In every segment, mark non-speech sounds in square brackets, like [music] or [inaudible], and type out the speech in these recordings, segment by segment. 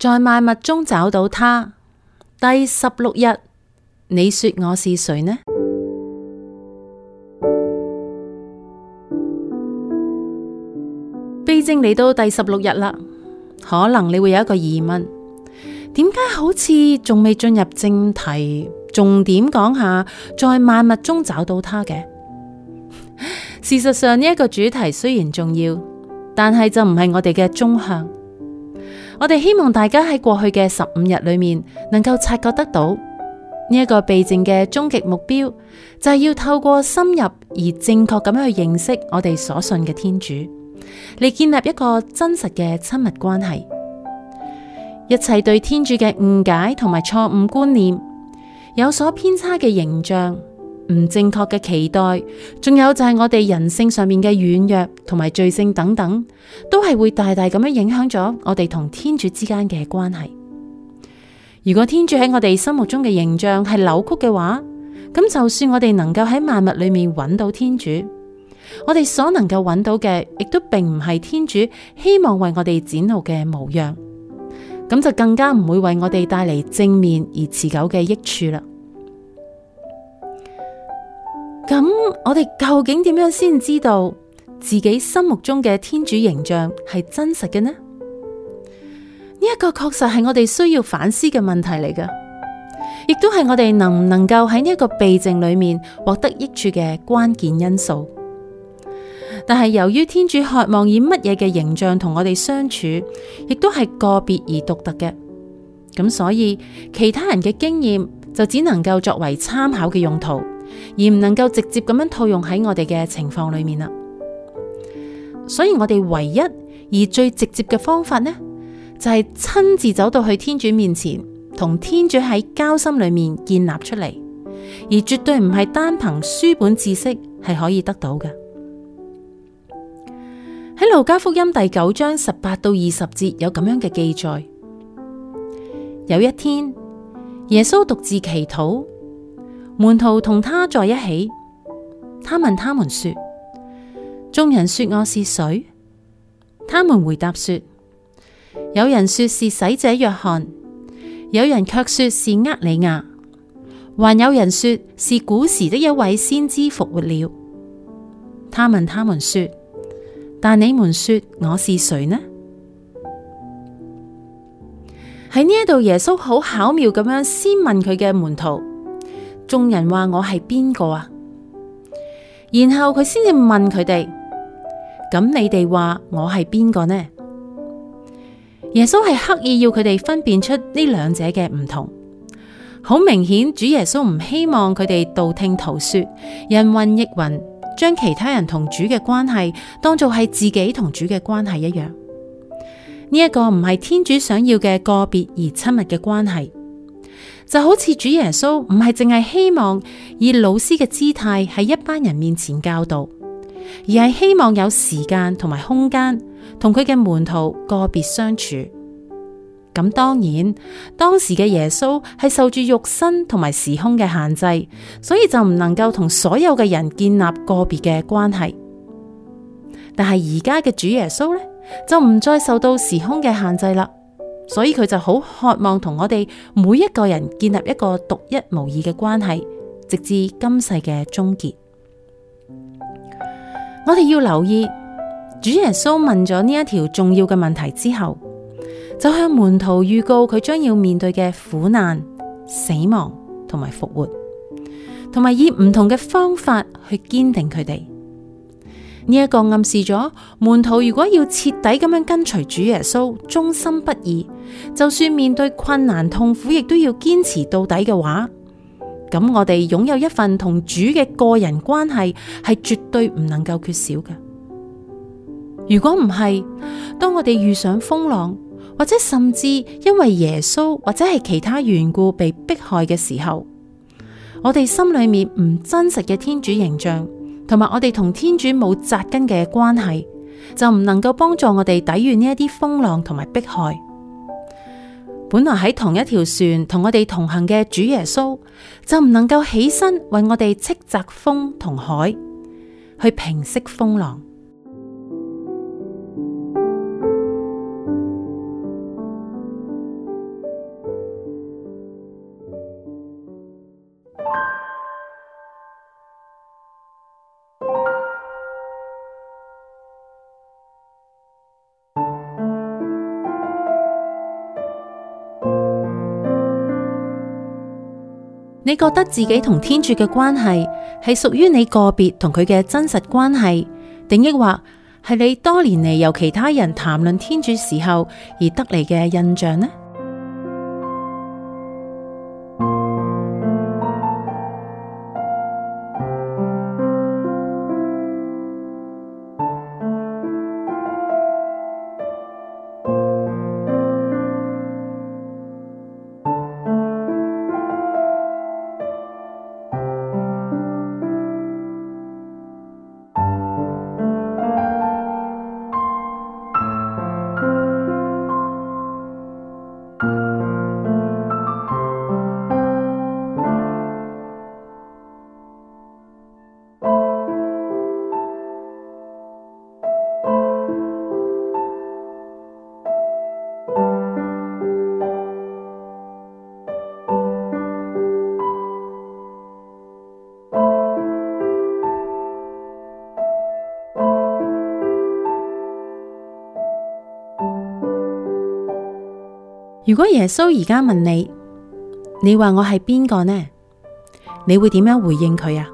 在萬物中找到他。第十六日，你說我是誰呢？避靜嚟到第十六日啦，可能你會有一個疑問：點解好似仲未進入正題，重點講下在萬物中找到他嘅？ [laughs] 事實上呢一、這個主題雖然重要，但係就唔係我哋嘅終向。我哋希望大家喺過去嘅十五日裏面，能夠察覺得到呢一、這個避靜嘅終極目標，就係、是、要透過深入而正確咁樣去認識我哋所信嘅天主，嚟建立一個真實嘅親密關係。一切對天主嘅誤解同埋錯誤觀念，有所偏差嘅形象，唔正確嘅期待，仲有就係我哋人性上面嘅軟弱同埋罪性等等，都係會大大咁樣影響咗我哋同天主之間嘅關係。如果天主喺我哋心目中嘅形象係扭曲嘅話，咁就算我哋能夠喺萬物裏面揾到天主，我哋所能夠揾到嘅，亦都並唔係天主希望為我哋展露嘅模樣，咁就更加唔會為我哋帶嚟正面而持久嘅益處啦。咁我哋究竟點樣先知道自己心目中嘅天主形象係真實嘅呢？呢、這、一個確實係我哋需要反思嘅問題嚟㗎，亦都係我哋能唔能夠喺呢一個避靜裏面獲得益處嘅關鍵因素。但係由於天主渴望以乜嘢嘅形象同我哋相處，亦都係個別而獨特嘅，咁所以其他人嘅經驗就只能夠作為參考嘅用途。而唔能夠直接咁樣套用喺我哋嘅情況裏面啦，所以我哋唯一而最直接嘅方法呢，就係親自走到去天主面前，同天主喺交心裏面建立出嚟，而絕對唔係單憑書本知識係可以得到嘅。喺路加福音第九章十八到二十節有咁樣嘅記載，有一天耶穌獨自祈禱。門徒同他在一起，他問他們說：眾人說我是誰？他們回答說：有人說是洗者若翰，有人卻說是厄里亞，還有人說是古時的一位先知復活了。他問他們說：但你們說我是誰呢？喺呢一度，耶穌好巧妙咁樣先問佢嘅門徒。眾人話我係邊個啊？然後佢先至問佢哋：咁你哋話我係邊個呢？耶穌係刻意要佢哋分辨出呢兩者嘅唔同。好明顯，主耶穌唔希望佢哋道聽途說、人云亦云，將其他人同主嘅關係當做係自己同主嘅關係一樣。呢一個唔係天主想要嘅個別而親密嘅關係。就好似主耶穌唔係淨係希望以老師嘅姿態喺一班人面前教導，而係希望有時間同埋空間，同佢嘅門徒個別相處。咁當然，當時嘅耶穌係受住肉身同埋時空嘅限制，所以就唔能夠同所有嘅人建立個別嘅關係。但係而家嘅主耶穌咧，就唔再受到時空嘅限制啦。所以佢就好渴望同我哋每一個人建立一個獨一無二嘅關係，直至今世嘅終結。 [noise] 我哋要留意，主耶穌問咗呢一條重要嘅問題之後，就向門徒預告佢將要面對嘅苦難、死亡同埋復活，同埋以唔同嘅方法去堅定佢哋。呢一個暗示咗門徒如果要徹底咁樣跟隨主耶穌，忠心不二，就算面對困難痛苦，亦都要堅持到底嘅話，咁我哋擁有一份同主嘅個人關係係絕對唔能夠缺少嘅。如果唔係，當我哋遇上風浪，或者甚至因為耶穌或者係其他緣故被迫害嘅時候，我哋心裏面唔真實嘅天主形象，同埋我哋同天主冇紮根嘅關係，就唔能夠幫助我哋抵禦呢一啲風浪同埋迫害。本來喺同一條船同我哋同行嘅主耶穌，就唔能夠起身為我哋叱責風同海，去平息風浪。 [music] 你覺得自己同天主嘅關係係屬於你個別同佢嘅真實關係，定抑或係你多年嚟由其他人談論天主時候而得嚟嘅印象呢？如果耶穌而家問你，你話我係邊個呢？你會點樣回應佢啊？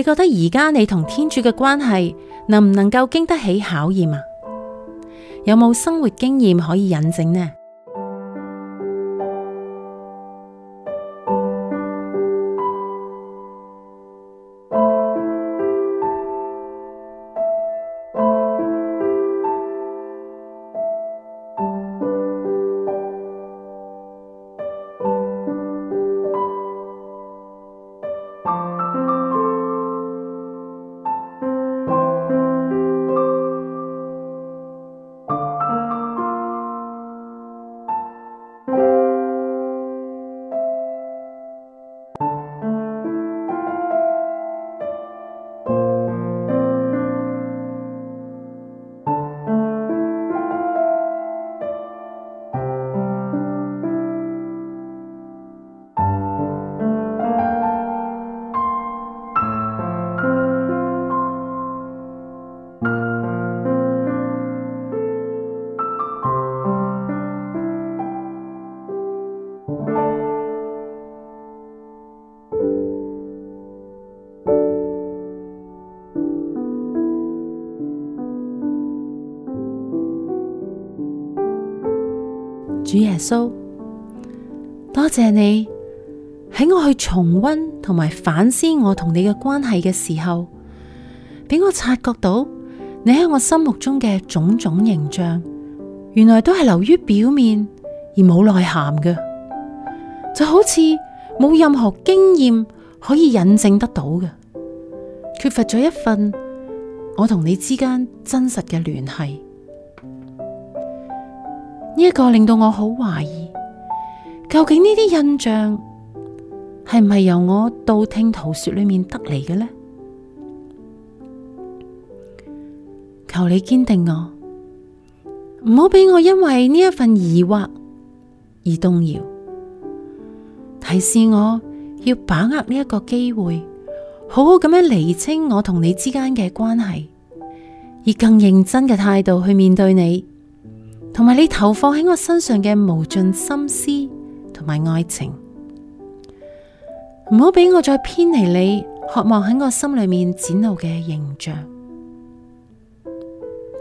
你覺得而家你同天主嘅關係能唔能夠經得起考驗啊？有冇生活經驗可以引證呢？主耶穌，多謝你喺我去重溫同埋反思我同你嘅關係嘅時候，俾我察覺到你喺我心目中嘅種種形象，原來都係流於表面而冇內涵嘅，就好似冇任何經驗可以引證得到嘅，缺乏咗一份我同你之間真實嘅聯繫。呢一個令到我好懷疑，究竟呢啲印象係唔係由我道聽途說裏面得嚟嘅呢？求你堅定我，唔好俾我因為呢一份疑惑而動搖。提示我要把握呢一個機會，好好咁樣釐清我同你之間嘅關係，以更認真嘅態度去面對你。同埋你投放喺我身上嘅無盡心思同埋愛情，唔好俾我再偏離你渴望喺我心裏面展露嘅形象。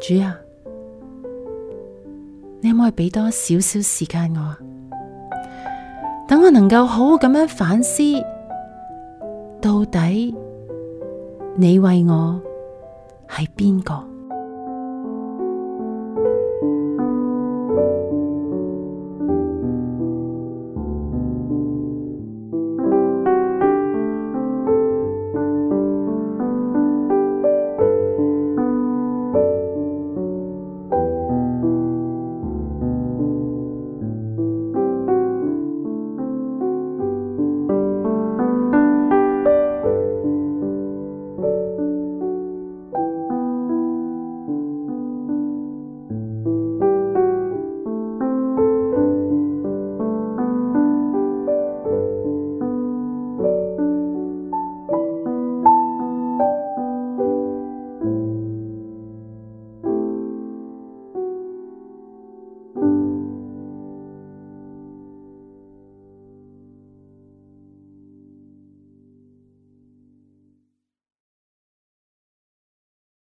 主啊，你可唔可以俾多少少時間我啊？等我能夠好好咁樣反思，到底你為我係邊個？